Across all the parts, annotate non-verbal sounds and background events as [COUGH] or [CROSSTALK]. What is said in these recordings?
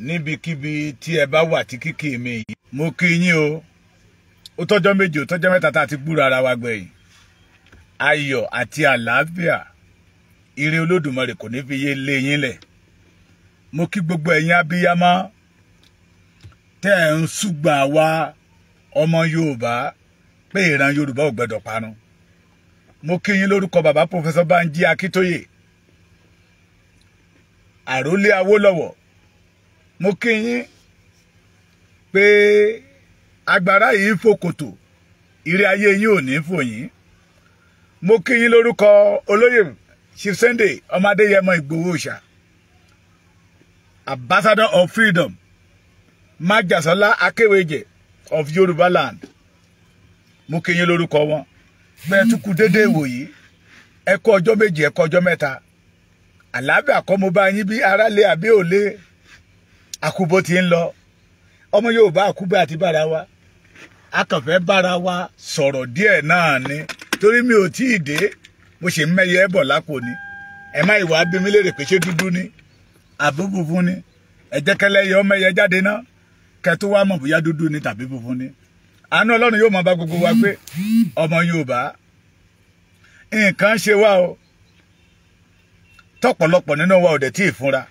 níbikíbi tí ẹ bá wà tí kíkì mi yìí mo kí yín o ó tọ́jọ́ méje ó tọ́jọ́ mẹ́ta tá a ti gbúra ara wa gbẹ̀yìn ayọ̀ àti àlàáfíà ire olódùmarè kò ní fi yé lé yín lẹ̀ mo kí gbogbo ẹ̀yin abiyamọ tẹ́ ẹ̀ ń ṣùgbà wa ọmọ yorùbá pé ìran yorùbá ò gbẹ́dọ̀ parun mo kí yín lórúkọ bàbá pòfẹsọ Bánjí Akíntóyè àrólé Awólọ́wọ̀ mo kí yín pé agbára yìí fòkòtò ìrì ayé yín ò ní fò yín mo kí yín lórúkọ olóyè Chief Sunday ọmọ Ìgbòho Òòṣà ambassador of freedom májàsọlá akéwèjẹ of Yorùbá land mo kí yín lórúkọ wọn bẹ́ẹ̀ tún kú déédéé ìwòyí ẹ kú ọjọ́ méjì ẹ kú ọjọ́ mẹ́ta àlàáfíà kọ́ mo bá yín bí aráalé àbí òlé àkúbó ti ń lọ ọmọ Yorùbá àkúbẹ àti bára wa a kàn fẹ́ bára wa sọ̀rọ̀ díẹ̀ náà ni torí mi ò tí ì dé mo ṣe ń mẹ́yẹ bọ̀ lápò ni ẹ má ìwà bí mi léèrè pé ṣé dúdú ni àbúkù fún ni ẹ jẹ́ kẹlẹ́yẹ ọmọ jáde náà kẹtó wá mọ̀ bóyá dúdú ni tàbí funfun ni àánú Ọlọ́run yóò máa bá gbogbo wa pé ọmọ Yorùbá nǹkan ṣe wá o tọ̀pọ̀lọpọ̀ nínú wa ò dẹ̀ tí ì fúnra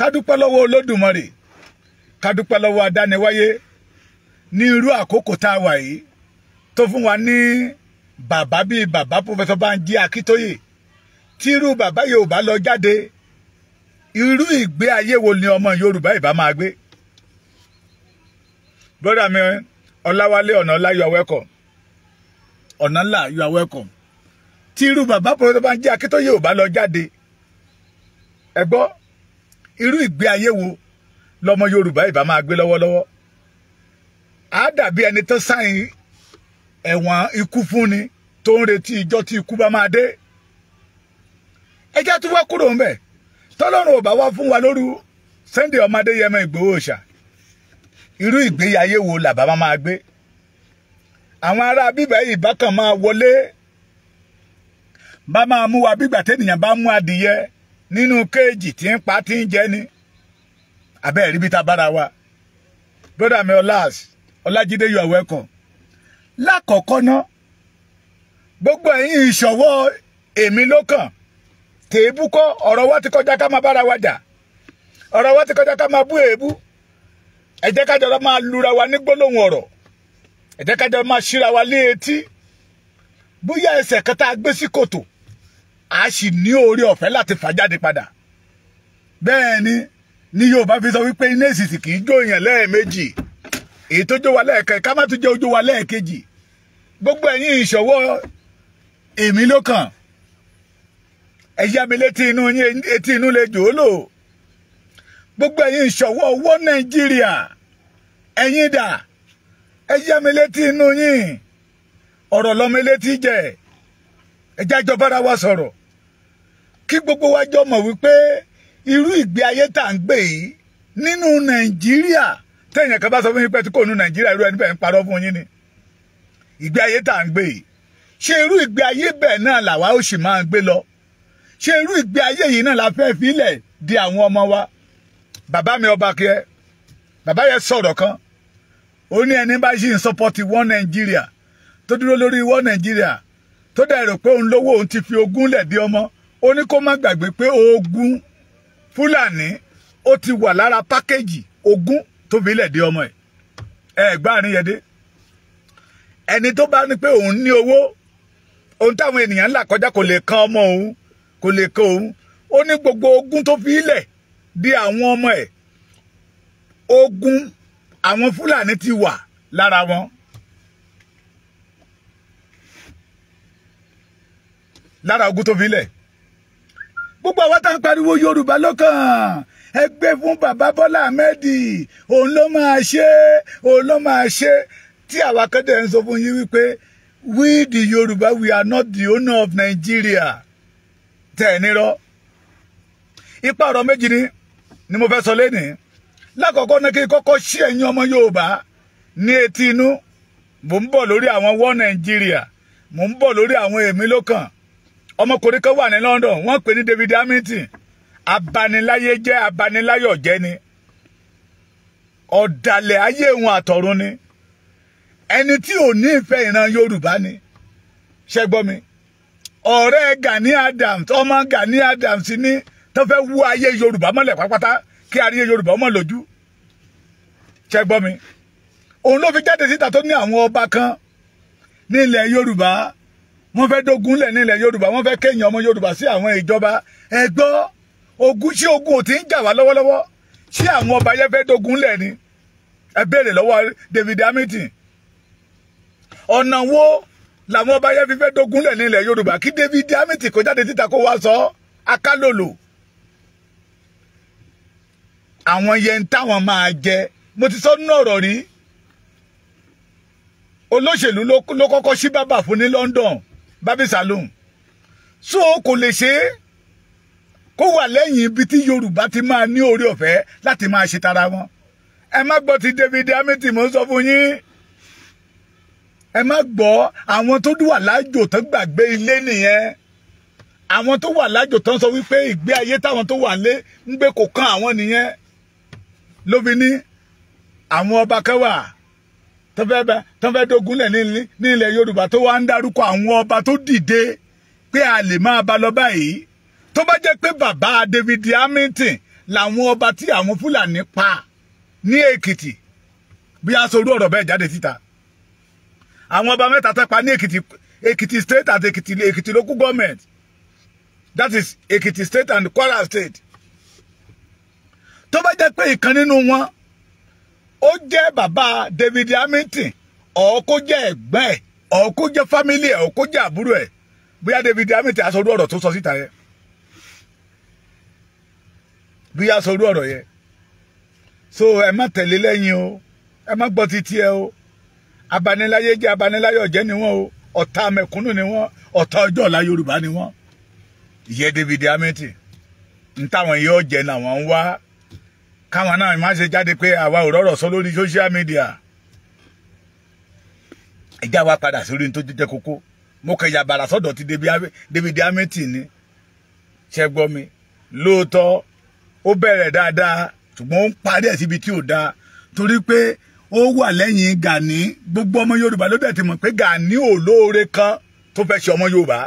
kádúpẹ́ lọ́wọ́ olódùmarè kádúpẹ́ lọ́wọ́ adániwáyé ní irú àkókò tá a wà yìí tó fún wa ní bàbá bíi bàbá pòfẹ́sọ̀ Bánjí Akíntóyè tí irú bàbá yìí ò bá lọ jáde irú ìgbé ayé wo ni ọmọ Yorùbá ìbá máa gbé brother mi Ọláwálé Ọ̀nàọlá you are welcome Ọ̀nàọlá you are welcome tí irú bàbá pòfẹ́sọ̀ Bánjí Akíntóyè ò bá lọ jáde ẹ gbọ́ irú ìgbé ayé wo lọmọ yorùbá ìbá máa gbé lọ́wọ́lọ́wọ́ á dàbí ẹni tó sáyìn ẹ̀wọ̀n ikú fúnni tó ń retí ìjọ́ tí ikú bá máa dé ẹjẹ́ tó wá kúrò ńbẹ̀ tọ́lọ́run ò bá wá fún wa lóru Sunday ọmọ Adéyẹmọ Ìgbòho Òòṣà irú ìgbé ayé wo làbá máa gbé àwọn ará bíbá yìí bákan máa wọlé bá máa mú wa bígbà tẹ́nìyàn bá mú adìyẹ nínú kéèjì tí ń pa tí ń jẹ ni abẹ́ rí bí ta wa brother mi ọlás ọlájídé you are welcome lákọ̀ọ́kọ́ náà gbogbo ẹ̀yin ìṣọ̀wọ́ èmi ló kàn tèébú kọ́ ọ̀rọ̀ wa ti kọjá ká máa bára wa jà ọ̀rọ̀ wa ti kọjá ká máa bú èébú ẹ ká jọra máa lura wa ní gbólóhùn ọ̀rọ̀ ẹ jẹ́ ká jọra máa ṣíra wa lé etí bóyá ẹsẹ̀ kẹta gbé sí kòtò a sì ní oore ọ̀fẹ́ láti fà jáde padà bẹ́ẹ̀ ni ni Yorùbá fi sọ wípé iná èsìsì kì í jó èèyàn lẹ́ẹ̀mejì èyí tó jó wa lẹ́ẹ̀kan ká má tún jẹ́ ojú wa lẹ́ẹ̀kejì gbogbo ẹ̀yin ìṣòwò èmi ló kàn ẹ yá mi létí inú yín etí inú lè jò ó lò gbogbo ẹ̀yin ìṣòwò owó Nàìjíríà ẹ̀yin dà ẹ yá mi létí inú yín ọ̀rọ̀ lọ́mọ elétí jẹ ẹ jájọ bára wa sọ̀rọ̀ kí gbogbo wa jọ mọ̀ wípé irú ìgbé ayé tá à ń gbé yìí nínú nàìjíríà téèyàn kan bá sọ fún yín pé tí kò nu nàìjíríà irú ẹni bẹ́ẹ̀ ń parọ́ fún yín ni ìgbé ayé tá à ń gbé yìí ṣé irú ìgbé ayé bẹ́ẹ̀ náà làwa ó sì máa ń gbé lọ ṣé irú ìgbé ayé yìí náà la fẹ́ fi ilẹ̀ di àwọn ọmọ wa bàbá mi ọba kẹ bàbá yẹn sọ̀rọ̀ kan ó ní ẹni bá ṣì ń sọpọ́tì wọ́n nàìjíríà tó dúró lórí wọ́n nàìjíríà tó dẹ̀ rò pé òun lówó òun ti fi ogún lẹ̀ di ọmọ ó ní kó má gbàgbé pé ogun fúlàní ó ti wà lára pákéjì ogún tó fi lẹ̀ dé ọmọ ẹ̀ ẹ̀ gbá àríyẹdé ẹni tó bá ní pé òun ní owó ohun táwọn ènìyàn ń là kọjá kò lè kan ọmọ òun kò lè kan òun ó ní gbogbo ogún tó fi lẹ̀ di àwọn ọmọ ẹ̀ ogún àwọn fúlàní ti wà lára wọn. lára ogún tó fi lẹ̀ gbogbo àwọn tá ń pariwo yorùbá lọ́kàn ẹ gbé fún bàbá bọ́lá ahmed òun ló máa ṣe òun ló máa ṣe tí àwa kẹ́dẹ̀ ń sọ fún yín wípé we the yorùbá we are not the owner of nigeria tẹ̀ ẹ̀ nírọ́ ipa ọ̀rọ̀ méjì ni ni mo fẹ́ sọ lénìí lákọ̀ọ́kọ́ ní kí kọ́kọ́ ṣí ẹ̀yin ọmọ yorùbá ní etí inú mò ń bọ̀ lórí àwọn wọ́ nàìjíríà mò ń bọ̀ lórí àwọn èmi lọ́kàn ọmọkùnrin kan wà ní London wọ́n pè ní David Hamilton abaniláyé jẹ́ abaniláyọ̀ jẹ́ ni ọ̀dàlẹ̀ ayé òun àtọ̀run ni ẹni tí ò ní ìfẹ́ ìran Yorùbá ni ṣe gbọ́ mi ọ̀rẹ́ Gani Adams ọmọ Gani Adams ni tó fẹ́ wú ayé Yorùbá mọ́lẹ̀ pátápátá kí ayé Yorùbá mọ́ lójú ṣe gbọ́ mi òun ló fi jáde síta tó ní àwọn ọba kan nílẹ̀ Yorùbá wọ́n fẹ́ dógun lẹ̀ nílẹ̀ yorùbá wọ́n fẹ́ kéèyàn ọmọ yorùbá sí àwọn ìjọba ẹ gbọ́ ogun ṣé ogun ò ti ń jà wá lọ́wọ́lọ́wọ́ ṣé àwọn ọba yẹn fẹ́ dógun lẹ̀ ni ẹ béèrè lọ́wọ́ David Hamilton ọ̀nà wo làwọn ọba yẹn fi fẹ́ dógun lẹ̀ yorùbá kí David Hamilton kó jáde síta kó wá sọ akálòlò àwọn yẹn táwọn máa jẹ mo ti sọ nínú ọ̀rọ̀ rí olóṣèlú ló kọ́kọ́ ṣí bàbà fún ní London bábí saloon so kò lè ṣe é kó wà lẹ́yìn ibi tí yorùbá ti máa ní oore ọ̀fẹ́ láti máa ṣe tara wọn ẹ má gbọ́ ti david amity mo ń sọ fún yín ẹ má gbọ́ àwọn tó wà lájò tó gbàgbé ilé nìyẹn àwọn tó wà lájò tó ń sọ wípé ìgbé ayé táwọn tó wà lé ń gbé kò kan àwọn nìyẹn lóbi ní àwọn ọba kan tó fẹ́ bẹ tó fẹ́ dogunlẹ̀ ní ilẹ̀ Yorùbá tó wá ń dárúkọ àwọn ọba tó dìde pé a lè máa ba lọ báyìí tó bá jẹ́ pé bàbá David Hamilton làwọn ọba tí àwọn Fúlàní pa ní Èkìtì bí a sorú ọ̀rọ̀ bẹ́ẹ̀ jáde síta àwọn ọba mẹ́ta tó pa ní Èkìtì Èkìtì state àti Èkìtì Èkìtì local government that is Èkìtì state and Kwara state tó bá jẹ́ pé ìkan nínú wọn ó jẹ́ bàbá David Hamilton ó kó jẹ́ ẹ̀gbọ́n ẹ̀ ó kó jẹ́ fámílì ẹ̀ ó kó jẹ́ àbúrò ẹ̀ bóyá David Hamilton aṣọ orú ọ̀rọ̀ tó sọ síta yẹn bóyá aṣọ orú ọ̀rọ̀ yẹn so ẹ má tẹ̀lé lẹ́yìn o ẹ má gbọ́ títí ẹ o abaniláyé jẹ́ abaniláyọ̀ ni wọ́n o ọ̀tá mẹ̀kúnnù ni wọ́n ọ̀tá ọjọ́ ọ̀la Yorùbá ni wọ́n ìyẹn David Hamilton n táwọn yóò jẹ náà ń wá káwọn náà má ṣe jáde pé àwa ò rọ́rọ̀ sọ lórí social media ìjà wa padà sórí tó jẹ́ kókó mo kẹ yàbàrà sọ́dọ̀ ti David Amity ni ṣe gbọ́ mi lóòótọ́ ó bẹ̀rẹ̀ dáadáa ṣùgbọ́n ó ń parí ẹ̀ síbi tí ò dáa torí pé ó wà lẹ́yìn Gani gbogbo ọmọ Yorùbá ló dẹ̀ ti mọ̀ pé Gani ò lóore kan tó fẹ́ ṣe ọmọ Yorùbá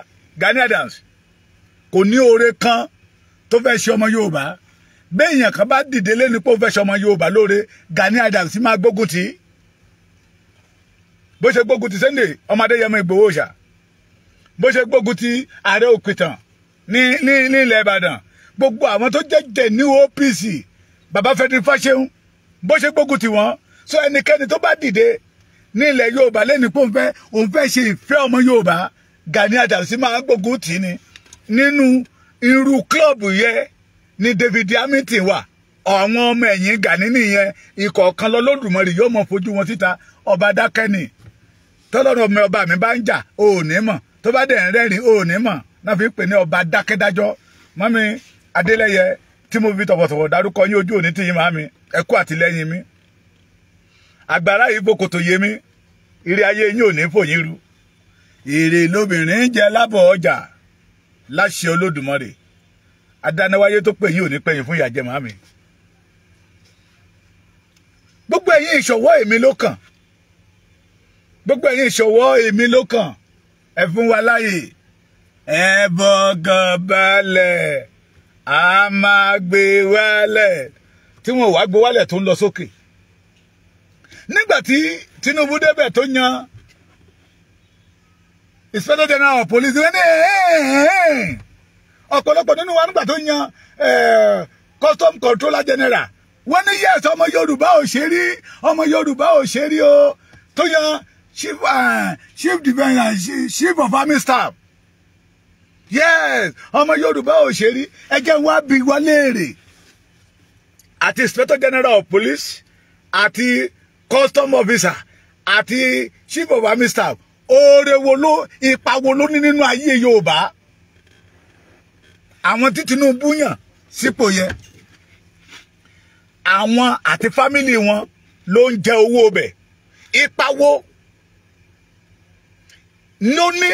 Gani Adams kò ní oore kan tó fẹ́ ṣe ọmọ Yorùbá béèyàn kan bá dìde lé ní pé ó fẹ́ ṣọmọ Yorùbá lóore Gani Adams máa gbógun tì í bó ṣe gbógun ti Sunday ọmọdé yẹmọ Ìgbòho ṣá bó ṣe gbógun ti ààrẹ òkìtàn ní ní ní ilẹ̀ Ìbàdàn gbogbo àwọn tó jẹ́jẹ́ ní OPC bàbá fẹ́ni Fáṣẹ̀hún bó ṣe gbógun ti wọ́n so ẹnikẹ́ni tó bá dìde ní ilẹ̀ Yorùbá lẹ́ni pé òun fẹ́ òun fẹ́ ṣe ìfẹ́ ọmọ Yorùbá Gani Adams máa gbógun tì í ni nínú irú kílọ̀bù yẹn ni David Hamilton wà àwọn ọmọ ẹ̀yìn Gani nìyẹn ìkọ̀ọ̀kan lọ́lọ́dùmarè yóò mọ̀ fojú wọn síta ọba dákẹ́ni tọ́lọ́run ọmọ ọba mi bá ń jà ò ní mọ̀ tó bá dẹ̀ ń rẹ́rìn ò ní mọ̀ náà fi ń pè ní ọba dákẹ́dájọ́ mọ́mi Adélẹ́yẹ tí mo fi tọ̀wọ̀tọ̀wọ̀ dárúkọ yín ojú òní tìyín màmí ẹ kú àtìlẹ́yìn mi agbára yìí bòkòtò yé mi ìrì ayé yín ò ní fòyín ru èrè lóbìnrin jẹ lábọ̀ ọjà láṣẹ Olódùmarè adánáwáyé tó pè yìí ò ní pẹ̀yìn fún ìyàjẹ́ màmí gbogbo ẹ̀yin ìṣọwọ́ èmi ló kàn gbogbo ẹ̀yin ìṣọwọ́ èmi ló kàn ẹ fún wa láàyè ẹ bọ́gàn balẹ̀ a máa gbé wálẹ̀ tí wọn ò wá gbé wálẹ̀ tó ń lọ sókè nígbà tí Tinubu débẹ̀ tó yan Inspector General of Police wọ́n ní ẹ̀ẹ́ ẹ̀ẹ́ ọ̀pọ̀lọpọ̀ nínú wa nígbà tó yan custom controller general wọ́n ní yẹ́sì ọmọ yorùbá ò ṣe rí ọmọ yorùbá ò ṣe rí o tó yan chief chief defender chief of army staff yes ọmọ yorùbá ò ṣe rí ẹ jẹ́ wá bi wá léèrè àti inspector general of police àti custom officer àti chief of army staff oore wo ló ipa wo ló ní nínú ayé yorùbá àwọn tí Tinubu yàn sípò yẹn àwọn àti fámìlì wọn ló ń jẹ owó bẹ̀ ipa wo ló ní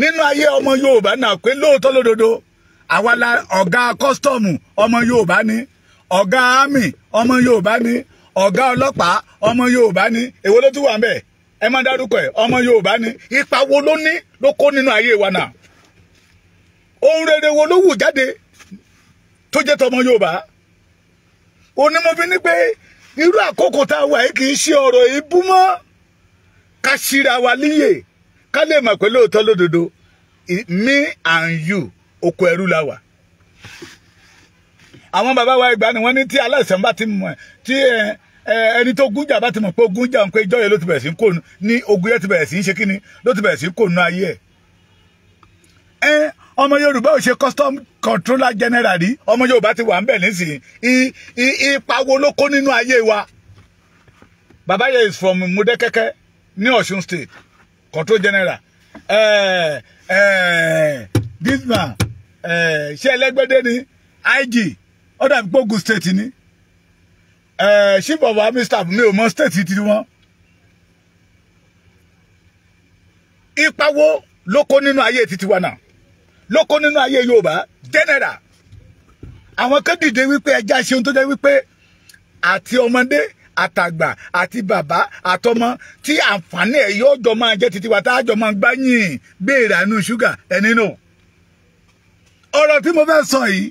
nínú ayé ọmọ Yorùbá náà pé lóòótọ́ lódodo àwa la ọ̀gá kọ́sítọ́ọ̀mù ọmọ Yorùbá ni ọ̀gá ámì ọmọ Yorùbá ni ọ̀gá ọlọ́pàá ọmọ Yorùbá ni èwo ló tún wà ń bẹ̀ ẹ má dárúkọ ẹ̀ ọmọ Yorùbá ni ipa wo ló ní ló kó nínú ayé wa náà ohun rere wo ló wù jáde tó jẹ́ tọmọ Yorùbá òní mo fi ní pé irú àkókò tá a wà yìí kì í ṣe ọ̀rọ̀ ìbú mọ́ ká ṣíra wa líyè ká lè mọ̀ pé lóòótọ́ lódodo me and you oko ẹrú la wà àwọn bàbá wa ìgbà ni wọ́n ní tí aláìsàn bá ti mọ̀ tí ẹni tó gúnjà bá ti mọ̀ pé ogúnjà ń pé ìjọ ló ti bẹ̀rẹ̀ sí kò ní ogun ti bẹ̀rẹ̀ sí ṣe kíni ló ti bẹ̀rẹ̀ sí kò nú ayé ẹ̀ ọmọ yorùbá ò ṣe custom controller general rí ọmọ yorùbá ti wà ń bẹ̀ nísìnyí ipa wo ló kó nínú ayé wa Baba yẹn is from mudekeke ní ọ̀ṣun state control general ẹ ẹ this man ẹ ṣé ẹlẹ́gbẹ́dẹ́ ni ig ọ̀dà gbógun state ni ẹ chief of army staff mi ò mọ state ti wọn. ipa wo ló kó nínú ayé títí wa náà lóko nínú ayé Yorùbá general àwọn kan dìde wípé ẹja ṣeun tó jẹ́ wípé àti ọmọdé àtàgbà àti bàbá àtọmọ tí àǹfààní ẹ̀ yóò jọ máa jẹ́ títí wa tá a jọ máa gbá yìn béèrè àánú ṣúgà ẹni nù ọ̀rọ̀ tí mo fẹ́ sọ yìí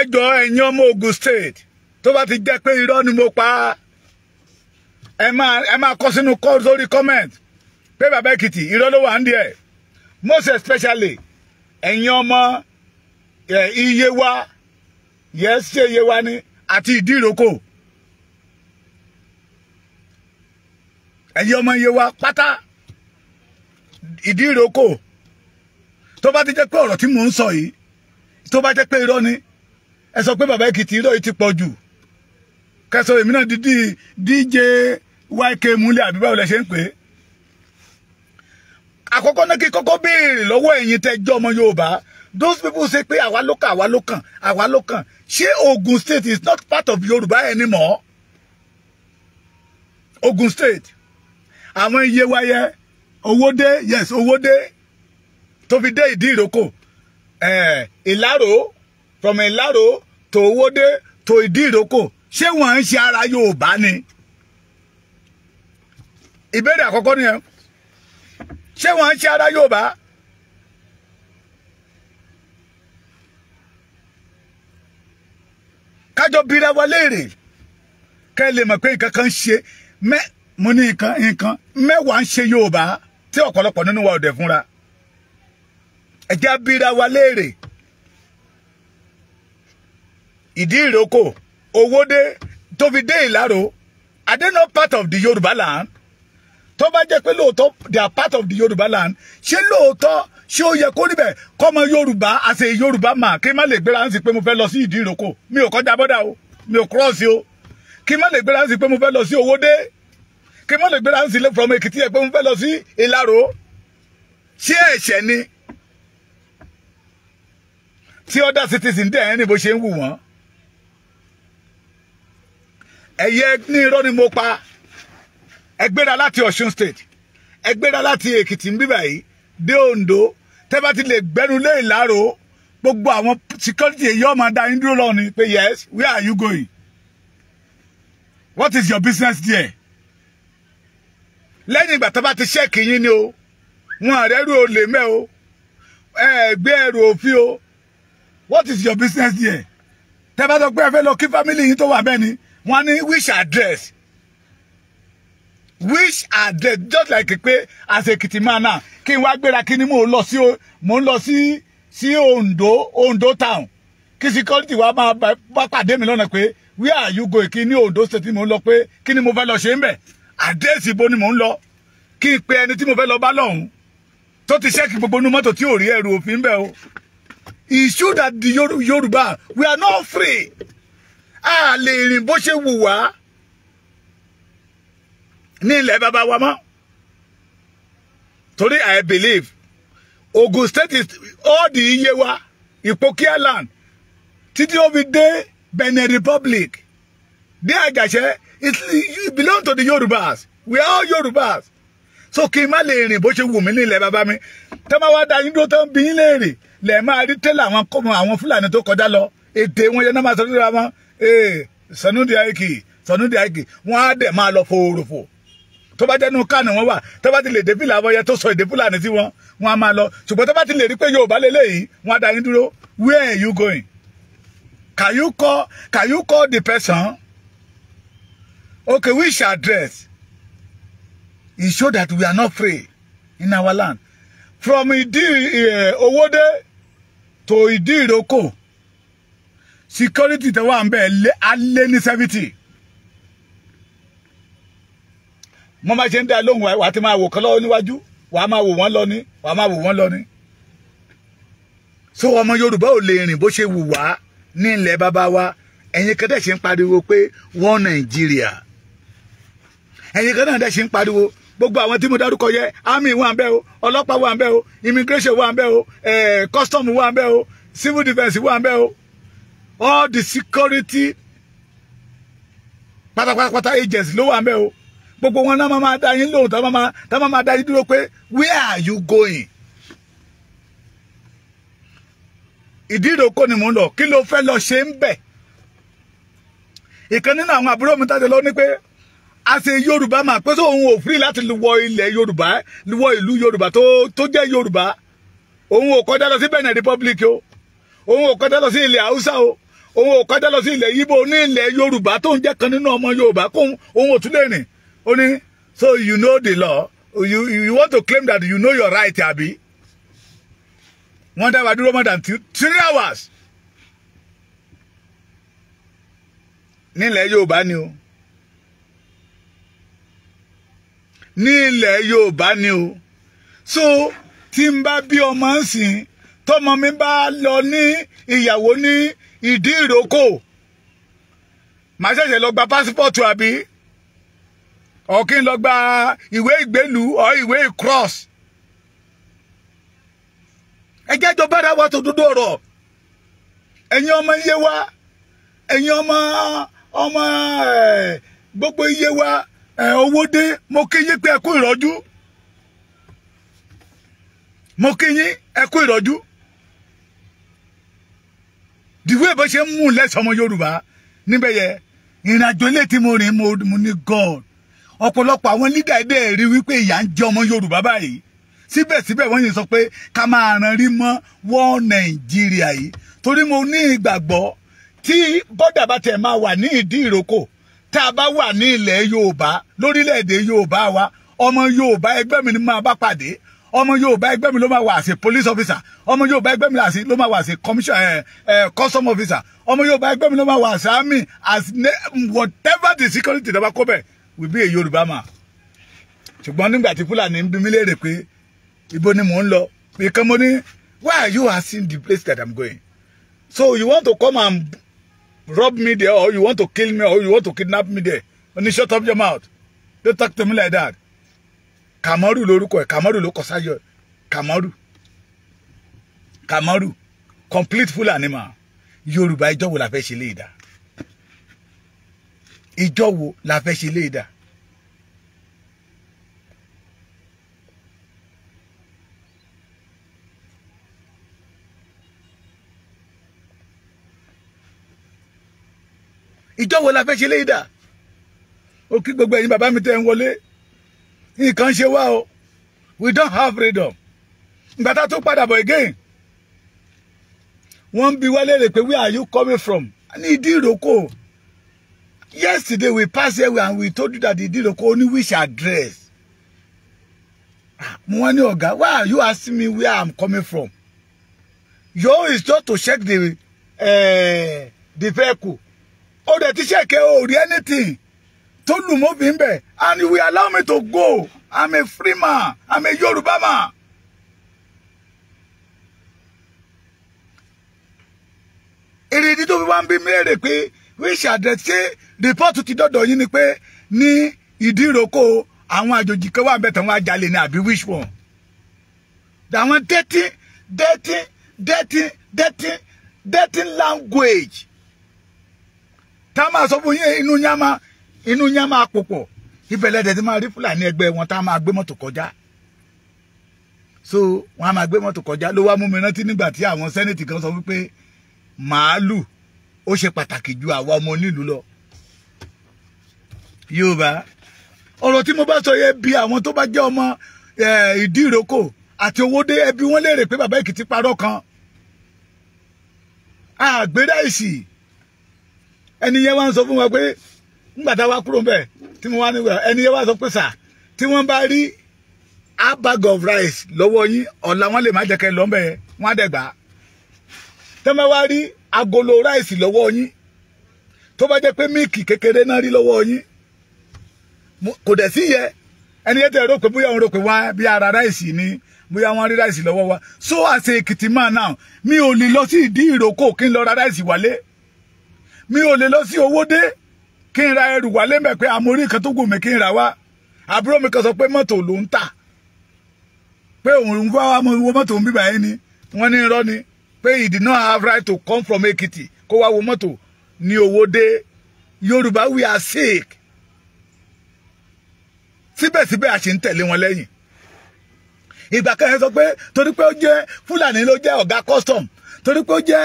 ẹjọ́ ẹ̀yin ọmọ Ogun State tó bá ti jẹ́ pé irọ́ ni mo pa ẹ máa ẹ máa kọ sórí comment pé bàbá Èkìtì irọ́ ló wà ń díẹ̀ most especially ẹ̀yin ọmọ iye wa yẹn ṣe iye wa ni àti ìdíròkò ẹ̀yin ọmọ iye wa pátá ìdíròkò tó bá ti jẹ́ pé ọ̀rọ̀ tí mò ń sọ yìí tó bá jẹ́ pé irọ́ ni ẹ sọ pé bàbá Èkìtì irọ́ yìí ti pọ̀ jù kẹsàn-án èmi náà di DJ YK múlẹ̀ àbí báwo lẹ ṣe ń pè é àkọ́kọ́ náà kí kọ́kọ́ béèrè lọ́wọ́ ẹ̀yin tẹ́jọ́ ọmọ Yorùbá those people say pé àwa ló kàn àwa ló kàn àwa ló kàn ṣé Ogun State is not part of Yorùbá anymore Ogun State àwọn iye wáyé Owódé yes Owódé tó fi dé ìdí ìrókò eh, Ìlárò from Ìlárò tó Owódé tó ìdí ìrókò ṣé wọ́n ń ṣe ara Yorùbá ni ìbéèrè àkọ́kọ́ nìyẹn ṣé wọ́n ń ṣe ara Yorùbá. kájọ bira wa léèrè kẹ lè mọ̀ pé nǹkan kan ń ṣe mẹ mo ní nǹkan nǹkan mẹ́wàá ń ṣe Yorùbá tí ọ̀pọ̀lọpọ̀ nínú wa ò dẹ̀ fúnra ẹ bira wa léèrè ìdí ìrókò owó dé tó fi dé ìlàró are they part of the Yorùbá land tó bá jẹ́ pé lóòótọ́ they are part of the Yorùbá land ṣé lóòótọ́ ṣé ó yẹ kó níbẹ̀ kọ́mọ Yorùbá àṣẹ Yorùbá mà kí n má lè gbéra ń sì pé mo fẹ́ lọ sí ìdí ìrókò mi ò kọjá bọ́dà o mi ò kúrọ́ọ̀sì o kí n má lè gbéra ń sì pé mo fẹ́ lọ sí Owódé kí n má lè gbéra ń sì lè from Èkìtì ẹ̀ pé mo fẹ́ lọ sí Ìlaró ṣé ẹ̀ṣẹ̀ ni tí other citizens dẹ̀ ẹ́ ní bó ṣe ń wù wọ́n ẹ̀yẹ ní irọ́ ni mo pa ẹ gbéra láti Ọ̀ṣun state ẹ gbéra láti Èkìtì ń bíbà yìí dé Ondo tẹ́ bá ti lè gbẹ́nu lé Ìlárò gbogbo àwọn security èyí ọmọ dá yín dúró lọ́wọ́ ni pé yes where are you going what is your business there lẹ́yìn ìgbà tó bá ti ṣẹ́ẹ̀kì yín ni o wọn àrẹ́rù olè mẹ́ o ẹ gbé òfin o what is your business there tẹ́ bá sọ fẹ́ lọ kí family yín tó wà bẹ́ẹ̀ ni wọ́n ní which address which are the just like pé as Èkìtì man now kí n wá gbéra kí ni mò ń lọ sí mò ń lọ Ondo Ondo town kí security wa máa bá pàdé mi lọ́nà pé where are you going kí ni Ondo state ni mò ń lọ pé kí ni mo fẹ́ lọ ṣe ń bẹ̀ àdéhìsì ibo ni mò ń lọ kí n pe ẹni tí mo fẹ́ lọ bá lọ́hùn tó ti ṣẹ́ẹ̀kì gbogbo inú mọ́tò tí ò rí ẹrù òfin bẹ́ẹ̀ o issue that the Yoruba. we are not free a lè rìn bó ṣe wù wá ní ilẹ̀ bàbá wa mọ́ torí I believe Ogun State is all the Yewa Ipokia land títí ó fi dé Benin Republic dé Àjàṣẹ́ it belong to the Yorubas we are all Yorubas so kí n má lè rìn bó ṣe wù mí nílẹ̀ bàbá mi tẹ́ máa wá da yín dúró tó ń bí yín léèrè lẹ̀ máa rí tẹ́lẹ̀ àwọn kọ́mọ àwọn Fúlàní tó kọjá lọ èdè wọn yẹn náà máa sọ lórí wọn ee eh, Sanusi Aiki Sanusi Aiki wọn á dẹ̀ máa lọ fòròfò tó bá jẹ́nu ká ni wà tó bá ti lè dé fìlà abọ́yẹ tó sọ èdè fúlàní tí wọ́n wọ́n á máa lọ ṣùgbọ́n tó bá ti lè rí pé yorùbá lélẹ́yìí wọ́n á dá yín dúró where are you going can you call can you call the person okay which address e show that we are not free in our land from Idi uh, eh, Owode to Idi Iroko security tẹ wà ń bẹ alẹ́ ní seventy. mo máa ṣe ń dá lóhùn wá ti máa wò kán lọ́wọ́ níwájú wàá máa wò wọ́n lọ ni wàá máa wò wọ́n lọ ni. so ọmọ Yorùbá ò lè rìn bó ṣe wù wá ní ilẹ̀ bàbá wa ẹ̀yin kan dẹ̀ ṣe ń pariwo pé wọ́n Nàìjíríà ẹ̀yin kan náà dẹ̀ ṣe ń pariwo gbogbo àwọn tí mo dárúkọ yẹ army wà ń bẹ o ọlọ́pàá wà ń o immigration wà ń bẹ o eh, custom wà ń o civil defence wà ń o all the security pátápátá agency ló wà ń bẹ o gbogbo wọn náà máa dá yín lóhùn tá máa máa dá yín dúró pé where are you going? ìdí ìdókò ni mò ń lọ kí ló fẹ́ lọ ṣe ń bẹ̀? ìkan nínú àwọn àbúrò mi tàbí lọ ní pé àṣẹ Yorùbá mà pé sóun ò fúri láti wọ ilẹ̀ Yorùbá wọ ìlú Yorùbá tó jẹ́ Yorùbá òun ò kọjá lọ sí Benin Republic o òun ò kọjá lọ sí ilẹ̀ Haúsá o òun ò kọjá lọ sí ilẹ̀ Yíbò ní ilẹ̀ Yorùbá tó ń jẹ́ kan nínú ọmọ Yorùbá kóun òun ò tún lè rìn ó ní so you know the law you you want to claim that you know your right Abi. wọ́n dábàá dúró more than two three hours nílẹ̀ Yorùbá ni o nílẹ̀ Yorùbá ni o so tí n bá bí ọmọ ń sìn tọmọ mi bá lọ ní ìyàwó ní ìdí ìrókò màá ṣẹ̀ṣẹ̀ lọ gba pásítọ̀tù àbí or kí n lọ gba ìwé ìgbélú or ìwé ìcross ẹ jẹ́ jọ bára wa tó dúdú ọ̀rọ̀ ẹ̀yin ọmọ iye wa ẹ̀yin ọmọ ọmọ eh, gbogbo iye wa eh, owó dé mo kí yín pé ẹ kú ìrọ́jú mo kí yín ẹ ìrọ́jú dìbò ìbọn ṣe ń mú lẹ́sọ̀ ọmọ Yorùbá níbẹ̀ yẹ ìrìnàjò ilé tí mo rìn mo ní God ọ̀pọ̀lọpọ̀ àwọn nígbà ẹ̀dẹ́ rí wípé ìyà ń jẹ ọmọ Yorùbá báyìí síbẹ̀síbẹ̀ wọ́n yìí sọ pé ká máa ran rí mọ́ wọ́n Nàìjíríà yìí torí mo ní ìgbàgbọ́ tí bọ́dà bá tẹ̀ máa wà ní ìdí ìrókò tá a bá wà ní ilẹ̀ Yorùbá lórílẹ̀‐èdè Yorùbá wa ọmọ Yorùbá ẹgbẹ́ mi ni máa bá pàdé ọmọ Yorùbá ẹgbẹ́ mi ló máa wà sí police eh, eh, officer ọmọ Yorùbá ẹgbẹ́ mi ló máa wà sí custom officer ọmọ Yorùbá ẹgbẹ́ mi ló máa wà sí army as whatever the security náà bá bẹ́ẹ̀ will be a Yorùbá man ṣùgbọ́n nígbà tí Fúlàní ń bi mí léèrè pé ibo ni mò ń lọ nìkan mo ní why are you asking the place that I'm going so you want to come and rob me there or you want to kill me or you want to kidnap me there o ní shut up your mouth don't talk to me like that Kamaru lorúkọ ẹ Kamaru ló kọ sáyọ Kamaru Kamaru complete Fúlàní man Yorùbá ìjọ wo la fẹ́ ṣe léyìí ìjọ wo la fẹ́ ṣe lé dà. ìjọ wo la fẹ́ ṣe lé dà. ó kí gbogbo ẹ̀yin bàbá mi tẹ́ ń wọlé nǹkan ṣe wá o we don't have freedom ìgbà tá a tún padà bọ̀ again wọ́n ń bi wá léèrè pé where are you coming from? ní ìdí ìrókò. Yesterday we passed here and we told you that the deed only wish address. Ah, Mwani Oga, why are you asking me where I'm coming from? Your is just to check the uh, the vehicle. Oh, oh the teacher can hold anything. Told you move him back. And you will allow me to go. I'm a free man. I'm a Yoruba man. It is fi wá ń bí mi léèrè which address ṣé rìpọ́ọ̀tù ti dọ̀dọ̀ yín ni pé ní ìdíròkò àwọn àjòjì kan wà bẹ́ẹ̀ tán wá jalè ní àbí which one. àwọn dirty dirty dirty dirty dirty language tá a máa sọ fún yín inú yín á máa inú yín á máa pòpọ̀ ìbẹ̀lẹ̀ ti máa rí fúlàní ẹgbẹ́ wọn tá a máa gbé mọ́tò kọjá so wọn a máa gbé mọ́tò kọjá ló wá mú mi rántí nígbà tí àwọn sẹ́nẹ̀tì kan sọ wípé màálù ó ṣe pàtàkì ju àwa ọmọ onílùú lọ yorùbá ọ̀rọ̀ tí mo bá sọ yẹ bí àwọn tó bá jẹ́ ọmọ ìdí ìrókò àti owódé ẹbí wọn léèrè pé bàbá èkìtì parọ́ kan àgbéra ìsì ẹni yẹn wá ń sọ fún wa pé ńgbà tá a wá kúrò ń tí mo wá nígbà ẹni yẹn wá sọ pé sà tí wọ́n bá rí a bag of rice lọ́wọ́ yín ọ̀la wọn lè má jẹ́ kẹ́ lọ́nbẹ̀ wọn á dẹ̀ gbà tẹ́mẹ́ wá rí agolo ráìsì lọ́wọ́ yín tó bá jẹ́ pé míìkì kékeré náà rí lọ́wọ́ yín kò dẹ̀ sí yẹ ẹni yẹn tẹ̀ rò pé bóyá wọn rò pé wọn bí ara ráìsì ni bóyá wọn rí ráìsì lọ́wọ́ wa so àṣẹ èkìtì máa náà mi ò lè lọ sí ìdí ìrókò kí n lọ ra ráìsì wálé mi ò lè lọ sí owódé kí n ra ẹrù wálé mẹ́ pé amórí nǹkan tó gùn mí kí n ra wá àbúrò mi kan sọ pé mọ́tò ló ń tà pé òun wá wá mọ́tò ń bíbà yín ni wọ́n ní irọ́ ni pé he did not have right to come from Ekiti kó wá wo mọ́tò ní Owódé Yorùbá we are sick síbẹ̀síbẹ̀ a ṣì ń tẹ̀lé wọn lẹ́yìn ìgbà kan yẹn sọ pé torí pé ó jẹ́ Fúlàní ló jẹ́ ọ̀gá custom torí pé ó jẹ́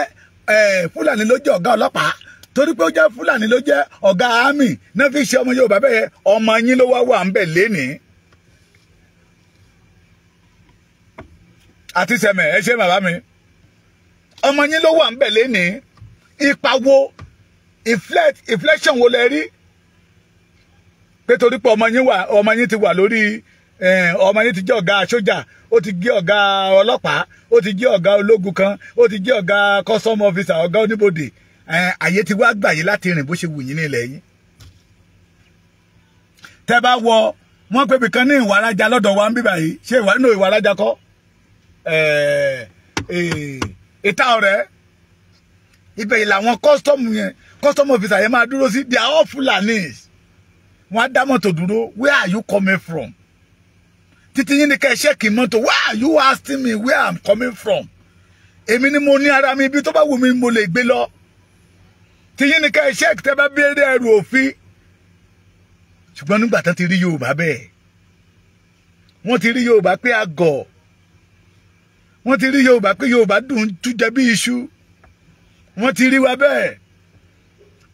Fúlàní ló jẹ́ ọ̀gá ọlọ́pàá torí pé ó jẹ́ Fúlàní ló jẹ́ ọ̀gá army náà fi ṣe ọmọ Yorùbá bẹ́ẹ̀ ọmọ yín ló wá wà ń bẹ̀ lénìí. àti sẹ́mẹ̀ ẹ ṣe bàbá mi ọmọ yín ló wà ń bẹ̀ lénìí ipa wo inflation wo lẹ rí pé torí pé ọmọ yín wà ọmọ yín ti wà lórí eh, ọmọ yín ti jẹ́ ọ̀gá sójà ó ti jẹ́ ọ̀gá ọlọ́pàá ó ti jẹ́ ọ̀gá ológun kan ó ti jẹ́ ọ̀gá custom officer ọ̀gá oníbodè eh, àyè ti wá gbà láti rìn bó ṣe wù yín ní yín tẹ́ bá wọ wọ́n pè bìkan ní ìwàrájà lọ́dọ̀ wa ń bíbà yìí ṣé ìwà náà ìwàrájà kọ́ ẹ̀ẹ́ eh, ìta ọ̀rẹ́ ibẹ̀ yìí làwọn custom, yẹn kọ́sítọ́mù ọ̀fíìsà yẹn máa dúró sí they are all Fulanis wọ́n á dá mọ́tò dúró where are you coming from títí yín ni ká ẹ ṣẹ́ẹ̀kì mọ́tò where are you asking me where i'm coming from èmi ni mo ní ara mi ibi tó bá wù mí mo lè gbé lọ tiyín ni ká ẹ ṣẹ́ẹ̀kì tẹ́ bá béèrè ẹrù òfin ṣùgbọ́n nígbà tán ti rí Yorùbá bẹ́ẹ̀ wọ́n ti rí Yorùbá pé àgọ̀ wọ́n ti rí yorùbá pé yorùbá dùn tújẹ bí iṣu wọ́n ti rí wa bẹ́ẹ̀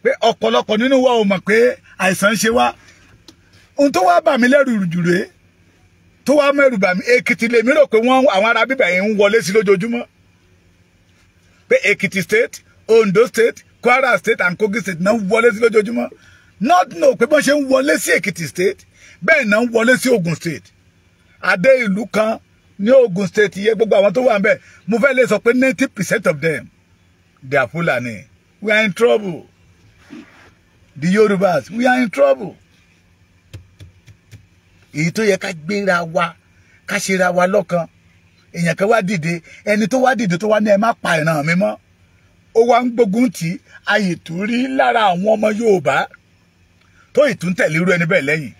pé ọ̀pọ̀lọpọ̀ nínú wa ò mọ̀ pé àìsàn ṣe wá ohun tó wá bà mí lẹ́rù jùlọ tó wá mẹ́rù bà mí èkìtì lèmi rò pé wọ́n àwọn ará bíbẹ̀ yìí ń wọlé sí lójoojúmọ́ pé èkìtì state ondo state kwara state and kogi state náà ń wọlé sí lójoojúmọ́ not know pé bọ́n ṣe ń wọlé sí èkìtì state bẹ́ẹ̀ náà ń wọlé sí ogun state adé ìlú kan ní Ogun State yẹ gbogbo àwọn tó wà ń bẹ̀ mo fẹ́ lè sọ pé ninety percent of them they are Fulani we are in trouble the Yorubas we are in trouble èyí tó yẹ ká gbéra wa ká ṣera wa lọ́kan èèyàn kan wá dìde ẹni tó wá dìde tó wá ní ẹ má pa ìran mi mọ́ ó wá ń gbógun tì í ayè tó rí lára àwọn ọmọ Yorùbá tó ìtúntẹ̀lérú ẹni bẹ́ẹ̀ lẹ́yìn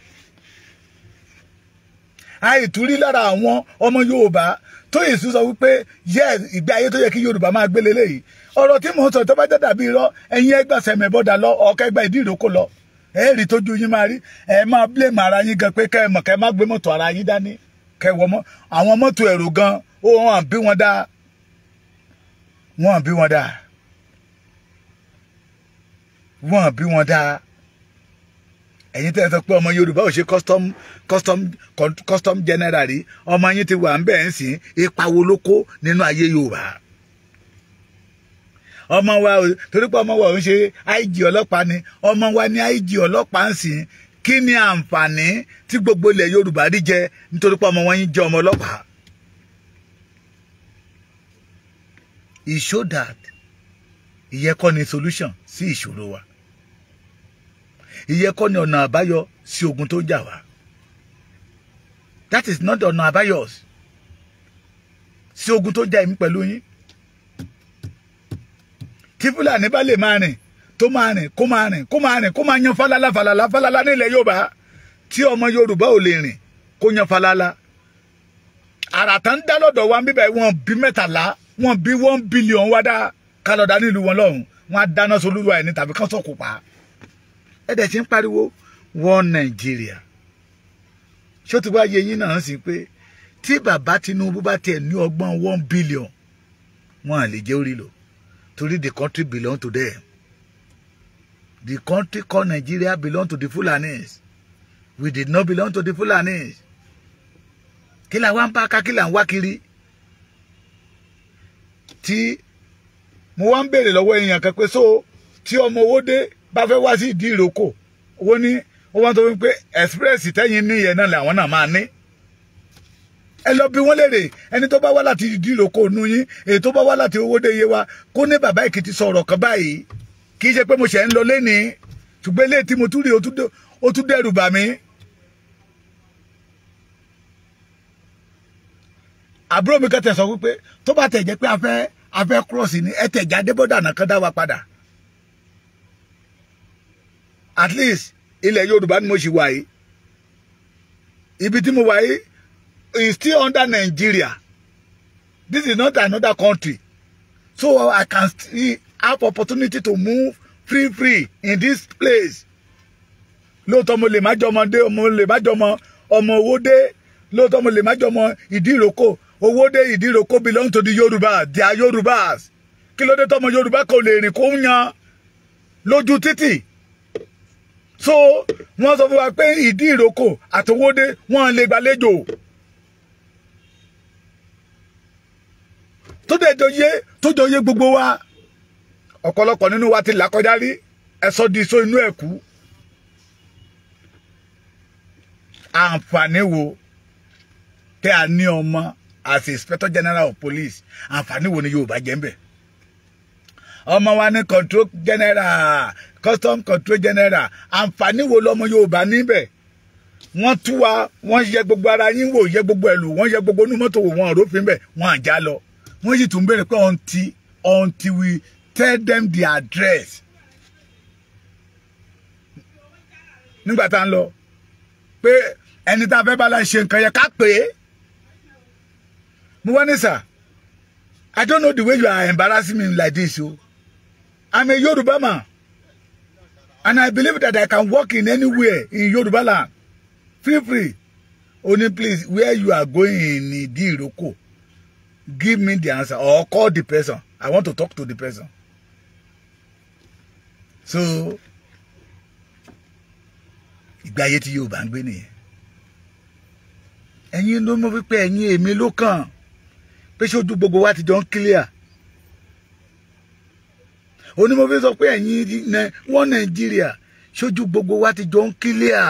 àìtúrí lára àwọn ọmọ Yorùbá tó yìí sọ wípé yes ìgbé ayé tó yẹ kí Yorùbá máa gbé lélẹ́yìí ọ̀rọ̀ tí mò ń sọ tó bá dàdà bí irọ́ ẹ̀yin ẹgbà sẹ̀mẹ̀ bọ́dà lọ ọ̀kẹ́ ẹgbà ìdí ìrókò lọ ẹ rí tójú yín máa rí ẹ máa blame ara yín gan pé kẹ́ ẹ mọ̀ kẹ́ ẹ má gbé mọ́tò ara yín dání kẹ́ ẹ wọ mọ́ àwọn mọ́tò ẹ̀rù gan ó hàn bí wọn dáa wọn bí wọn dáa wọn bí wọn dáa ẹ̀yin tẹ́ ẹ sọ pé ọmọ yorùbá ò ṣe custom custom custom general rí ọmọ yín ti wà ń bẹ̀ ń sìn ipa wo ló kó nínú ayé yorùbá ọmọ wa torí pé ọmọ wa ò ń ṣe IG ọlọ́pàá ni ọmọ wa ní IG ọlọ́pàá ń sìn kí ni àǹfààní tí gbogbo ilẹ̀ yorùbá rí jẹ nítorí pé ọmọ wọn yín jẹ́ ọmọ ọlọ́pàá it show that ìyẹn kọ́ ni solution sí ìṣòro wa ìyẹn ni ọ̀nà àbáyọ sí ogun tó ń jà wá that is not ọ̀nà àbáyọ sí ogun tó ń jà èmi pẹ̀lú yín kí fúlàní bá lè máa rìn tó máa rìn kó máa rìn kó máa rìn kó máa yan falala falala falala nílẹ̀ yorùbá tí ọmọ yorùbá ò lè rìn kó yan falala àrà tán dá lọ́dọ̀ wa bíbẹ̀ wọn bí mẹ́tàlá wọn bí one billion wá dá kálọ̀dá nílùú wọn lọ́hùn wọn á dáná solúwa ẹ̀ ní tàbí kán sọ̀kù pa á ẹ dẹ̀ ti ń pariwo one Nàìjíríà ṣó ti wá yẹyin náà sí pé tí bàbá Tinubu bá tiẹ̀ ní ọgbọ́n one billion wọn à lè jẹ́ orí lò torí the country belong to them the country called Nigeria belong to the Fulanis we did not belong to the Fulanis kí là wá ń bá ká kí là ń wá kiri tí mo wá ń béèrè lọ́wọ́ èèyàn kan pé so tí ọmọ owó dé bá fẹ́ wá sí ìdí ìrókò owó ní owó tó wí pé express tẹ́yìn ní ìyẹn náà làwọn náà máa ní ẹ lọ bí wọ́n léèrè ẹni tó bá wá láti ìdí ìrókò nu yín èyí tó bá wá láti Owódé Yewa kó ní bàbá Èkìtì sọ̀rọ̀ kan báyìí kì í ṣe pé mo ṣẹ̀ ń lọ lénìí ṣùgbọ́n eléyìí tí mo tún rí ó tún dẹ́rù bà mí. àbúrò mi kẹtẹ sọ wípé tó bá tẹ̀ jẹ́ pé a fẹ́ cross ni ẹ tẹ̀ jáde bọ́dà náà kan dá wa padà at least ilẹ̀ yorùbá ni mo ṣì wà yìí ibi tí mo wà yìí is still under Nigeria this is not another country so I can still have opportunity to move free free in this place lóòótọ́ mo lè má jọmọ dé mo lè má jọmọ ọmọ owó dé lóòótọ́ mo lè má jọmọ ìdí ìrókò owó dé ìdí belong to the Yorùbá they are Yorùbás kí ló dé tọmọ Yorùbá kò lè rìn kó ń yan lójú títì so wọ́n sọ fún wa pé ìdí ìrókò àtowódé wọ́n lè gbàlejò tó dẹ̀ jọyé tó jọyé gbogbo wa ọ̀pọ̀lọpọ̀ nínú wa ti là kọjá rí ẹ̀sọ́ di iṣó inú ẹ̀kú àǹfààní wo tẹ a ní ọmọ as inspector general of police àǹfààní wo ni Yorùbá jẹ́ ń bẹ̀ ọmọ wa ní control general custom control general àǹfààní wo lọmọ yorùbá níbẹ̀ wọ́n tú wa wọ́n yẹ gbogbo ara yín wò yẹ gbogbo ẹ̀lú wọ́n yẹ gbogbo inú mọ́tò wò wọ́n òrófin bẹ̀ wọ́n àjá lọ wọ́n sì tún béèrè pé until until we tell them the address nígbà tá à ń lọ pé ẹni tá a fẹ́ bá la ṣe nǹkan yẹ ká pè é mo wá ní sà I don't know the way you are embarrassing me like this o I'm a Yoruba man. And I believe that I can walk in anywhere in Yoruba land. Feel free. Only please, where you are going in Idiroko, give me the answer or call the person. I want to talk to the person. So, ìgbé ayé tí Yorùbá ń gbé nìyẹn. Ẹ̀yin ló mọ̀ wípé ẹ̀yin èmi ló kàn pé ṣojú gbogbo wa ti jọ clear onímọ̀fẹ́ sọ pé ẹ̀yin wọ́n nàìjíríà ṣojú gbogbo wa ti jọ ń kílíà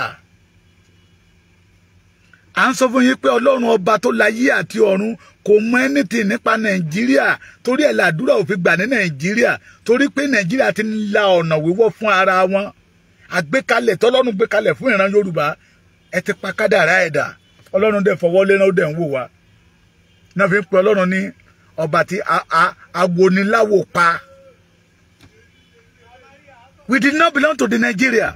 à ń sọ fún yín pé ọlọ́run ọba tó láyé àti ọ̀run kò mọ ẹnìtì nípa nàìjíríà torí ẹ̀ làdúrà ò fi gbà ní nàìjíríà torí pé nàìjíríà ti ń la ọ̀nà wíwọ́ fún ara wọn àgbékalẹ̀ tọ́lọ́run gbékalẹ̀ fún ìran yorùbá ẹ ti pa kádàrá ẹ̀dà ọlọ́run dẹ̀ fọwọ́ lé náà ó dẹ̀ ń wò wá náà fi ń pe ọlọ́run ní ọba tí agboniláwò pa we did not belong to the Nigeria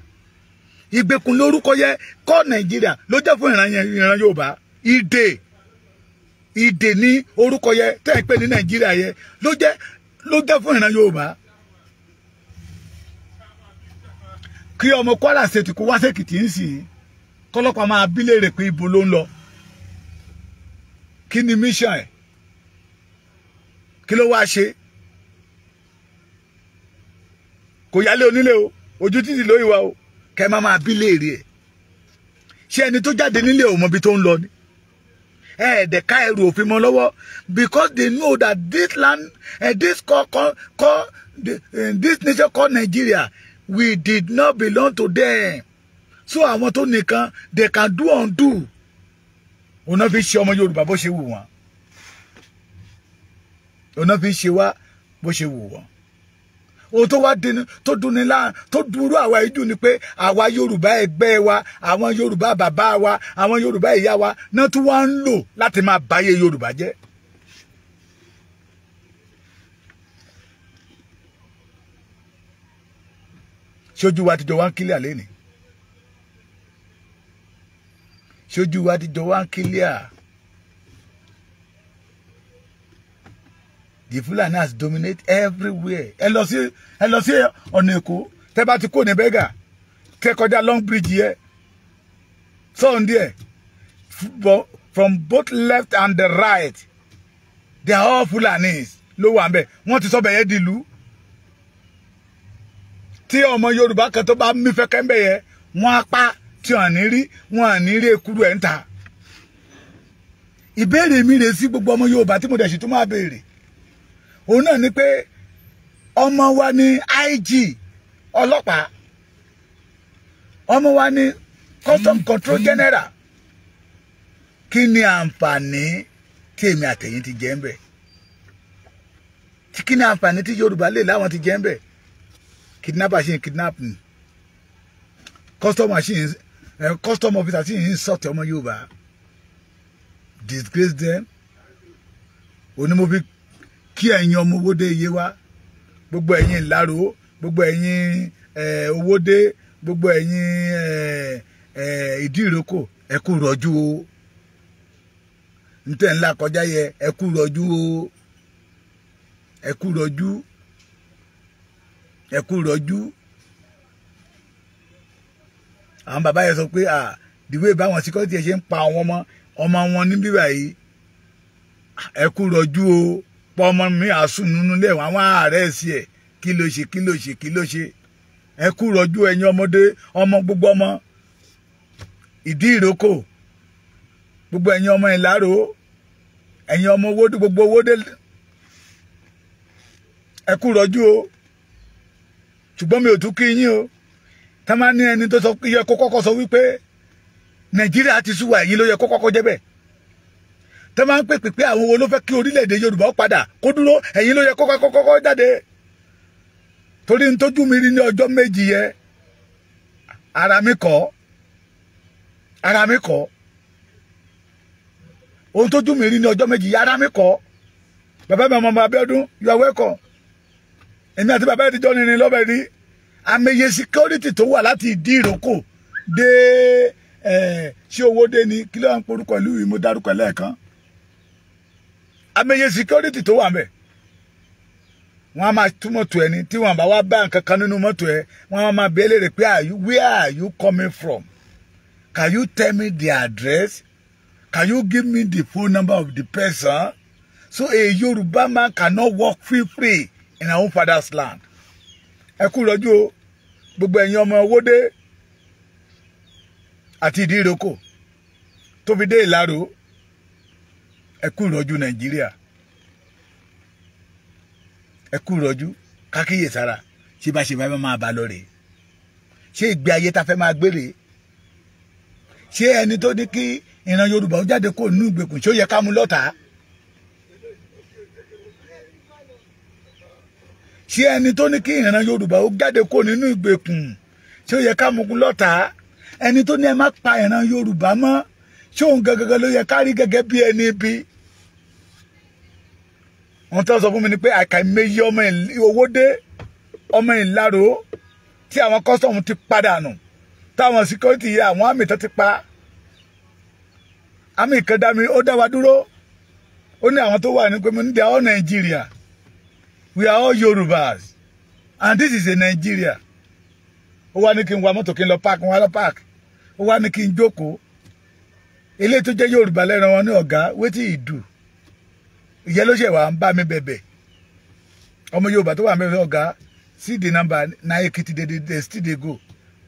ìgbèkùn lórúkọ yẹ kọ Nigeria ló jẹ́ fún ìran ìran Yorùbá ìdè ìdè ní orúkọ yẹ tẹ́ ẹ pè Nigeria yẹ ló jẹ́ ló jẹ́ fún ìran Yorùbá kí ọmọ Kwara State kó wá sèkìtì ń sìn kọlọ́pàá máa bí léèrè pé ibo ló ń lọ kí ni mission ẹ̀ kí ló wá ṣe kò yálé onílé o ojú títì ló ìwà o kẹ má máa bí léèrè ẹ ṣé ẹni tó jáde nílé ò mọbi tó ń lọ ni ẹ ẹdẹ ká ẹrù òfin mọ́ lọ́wọ́ because they know that this land uh, this call call call uh, this nation called Nigeria we did not belong to them so àwọn tó nìkan they can do undo òun náà fi ṣe ọmọ Yorùbá bó ṣe wù wọ́n òun náà fi ṣe wá bó ṣe wù wọ́n ohun tó wá dini tó duni láàrín tó dúró àwa yìí dùn ni pé àwa yorùbá ẹgbẹ́ wa àwọn yorùbá bàbá wa àwọn yorùbá ìyá wa náà tún wá ń lò láti máa báyé yorùbá jẹ́. ṣojú wa ti jọ wá ń kílẹ̀ àlẹ́ ṣojú wa ti jọ wá ń kílẹ̀ the Fulani has dominate everywhere ẹ lọ sí ẹ lọ sí ọ̀nà Èkó tẹ́ bá ti kó ní bẹ́gà tẹ́ kọjá long bridge yẹ sọ̀n díẹ̀ from both left and the right they are all Fulanis ló wà nbẹ wọ́n ti sọ bẹyẹ dìlú tí ọmọ Yorùbá kan tó bá mí fẹkẹ nbẹ yẹ wọ́n á pa tí wọn ní rí wọn ní rí ekuru ẹ ń ta ìbéèrè mi rèé sí gbogbo ọmọ Yorùbá tí mo dẹ̀ sì tún máa béèrè òun náà ni pé ọmọ wa ni IG ọlọ́pàá ọmọ wa ni custom control hmm. general kí ni àǹfààní tí èmi àtẹ̀yìn ti jẹ́ ń bẹ̀ kí ni àǹfààní tí Yorùbá lè láwọn ti jẹ́ ń bẹ̀ kidnapper ṣì kidnap custom machine eh, custom officer ṣì ń insult ọmọ Yorùbá disgrace them onímọ̀bí kí ẹ̀yin ọmọ owóde yé wa gbogbo ẹ̀yin ìlàró gbogbo ẹ̀yin owóde gbogbo ẹ̀yin ìdí ìrókò ẹ kú rọjú o ntẹ̀ ńlá kọjá yẹ ẹ kú rọjú o ẹ kú rọjú ẹ àwọn bàbá yẹn sọ pé à dìbò ìbáwọn síkọ́tì ẹ ṣe ń pa ọmọ ọmọ wọn ní bíbá yìí ẹ o ọ̀pọ̀ ọmọ mi àsùn nínú ilé àwọn ààrẹ sí ẹ̀ kí ló ṣe kí ló ṣe kí ló ṣe ẹ kú rọjú ẹ̀yin ọmọdé ọmọ gbogbo ọmọ ìdí ìrókò gbogbo ẹ̀yin ọmọ ìlàró ẹ̀yin ọmọ owó gbogbo owó ẹ kú rọjú o ṣùgbọ́n mi ò tún kí yín o tá má ní ẹni tó yẹ kó kọ́kọ́ sọ wípé nàìjíríà ti sú èyí ló yẹ kó kọ́kọ́ jẹ́ bẹ́ẹ̀ tẹ́ máa ń pè pè pé àwọn wo ló fẹ́ kí orílẹ̀-èdè Yorùbá ó padà kó dúró ẹ̀yin ló yẹ kọ́kọ́kọ́kọ́ jáde torí n tójú mi rí ní ọjọ́ méjì yẹ ara mi kọ́ ara mi kọ́ ohun tójú mi rí ní ọjọ́ méjì yẹ ara mi kọ́ bàbá mi ọmọ ọmọ Abíọ́dún you are welcome èmi àti bàbá ìdíjọ́ nìrin lọ́bẹ̀ rí ameye security tó wà láti ìdí ìrókò dé ṣé owó dé ni kí porúkọ ìlú yìí mo dárúkọ lẹ́ẹ̀kan amẹyẹ security tó wà mẹ́ wọ́n á máa tú mọ́tò ẹni tí wọ́n bá wá bá nǹkan kan nínú mọ́tò ẹ wọ́n á máa bẹ́ẹ̀ léèrè pé where are you coming from can you tell me the address can you give me the phone number of the person so a Yoruba man cannot work free free in our own father's land ẹ kú rọjú o gbogbo ẹ̀yin ọmọ Wódé àti Ìdíròkò tó fi dé Ìlárò ẹ kú ìrọ̀jú nàìjíríà ẹ kú ìrọ̀jú kákíyè sára ṣé bá ṣe fẹ́ máa bá lọ rèé ṣé ìgbé ayé ta fẹ́ máa gbé rèé ṣé ẹni tó ní kí ìran yorùbá ó jáde kó nú ìgbèkùn ṣé ó yẹ ká mú lọ́tàá ṣé ẹni tó ní kí ìran yorùbá ó jáde kó nínú ìgbèkùn ṣé yẹ ká mú lọ́tàá ẹni tó ní ẹ má pa ìran yorùbá mọ́ ṣé òun ló yẹ ká rí bí ẹni bíi wọn tó sọ fún mi ni pé àkàìmẹyẹ ọmọ owóde ọmọ ìlàró tí àwọn kọ́sọ̀mù ti padà nù táwọn síkírọ́tì yìí àwọn àmì tó ti pa àmì kan ó dá wa dúró ó ní àwọn tó wà ní pé mo ní they are all we are all Yorubas and this is a Nigeria ó wá ní kí n wa mọ́tò kí n lọ park n wá lọ park ó wá ní kí n jókòó eléyìí tó jẹ́ Yorùbá lẹ́ran wọn ní ọ̀gá wetin he do ìyẹn ló ṣe wà ń bá mi bẹ̀bẹ̀ ọmọ Yorùbá tó wà mẹ́rin ọ̀gá see the number na Ekiti they dey de still go